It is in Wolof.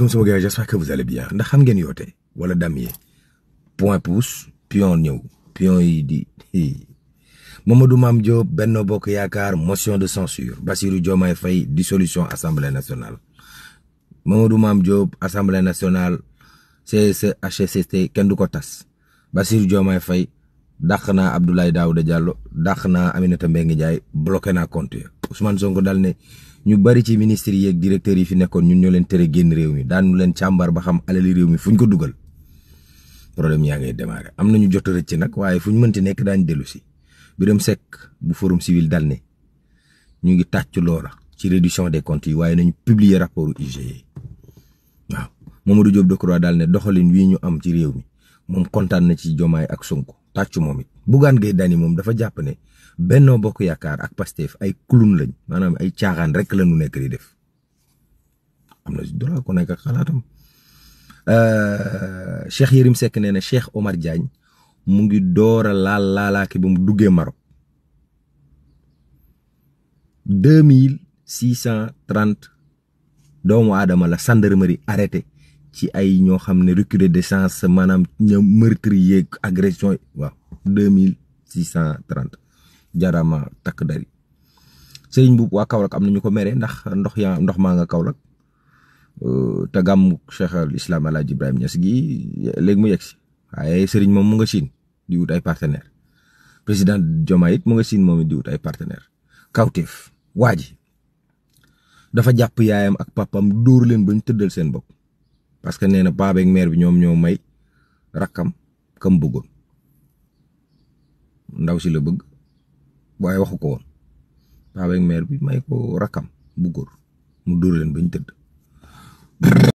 comme ça, gars, j'espère que vous allez bien. Ndax xam ngeen yoote wala damier point pouce puis on y pion puis on y dit. Mamadou Mame Job Benno Bokk car motion de censure Bassirou Diomaye Fay, dissolution assemblée nationale Mamadou Mame Job assemblée nationale c'est CESE HCCT kenn du ko et Bassirou Diomaye Faye dàq naa Abdoulaye Daouda Diallo Dakhna Aminata Mbengue Ndiaye bloqué n'a compte Ousmane Sonko dal ne ñu bari ci ministres yi ak directeurs yi fi nekkoon ñun ñoo leen tere génn réew mi daanu leen càmbar ba xam alali réew mi fu ñu ko dugal problème yaa ngay démarré am nañu jot rëcc nag waaye fu ñu mënti nekk daañu dellu si biram Seck bu forum civil dal ne ñu ngi tàcc loola ci réduction des comptes yi waaye nañu publier rapport IGE waaw Mamadou Diop Decroix daal ne doxalin wii ñu am ci réew mi moom kontaan na ci Diomaye ak Sonko tàccu moom it Bougane Gueye daani moom dafa jàpp ne Benno Bokk Yaakaar ak Pastef ay kulun lañ maanaam ay caaxaan rek la nu nekk di def am na dola ko nekk ak xalaatam euh, Cheikh Yérim Seck nee na Cheikh Omar Diagne mu ngi door a laal laalaake ba mu duggee Maroc deux mille six doomu aadama la gendarmerie arrêté ci ay ño xamné recul de chance manam ña meurtrier agression wa 2630 jarama six dari serigne buub wa Kaolack amna ñuko méré mere ndax ndox ya ndox ma nga euh ta gam cheikh al islam al ibrahim ñas gi léegi mu yex ay serigne mom mu nga sin di wut ay partenaire président Diomaye it mu nga sin moom di wut ay partenaire kawtef waji dafa japp yaayam ak papam door leen bañ teudal sen bokk parce que nee na paa beeg mère bi ñoom ñoo may rakkam kam bëggoon ndaw si la bëgg waaye waxu ko woon bi may ko rakam bu góor mu dóor leen bañ tëdd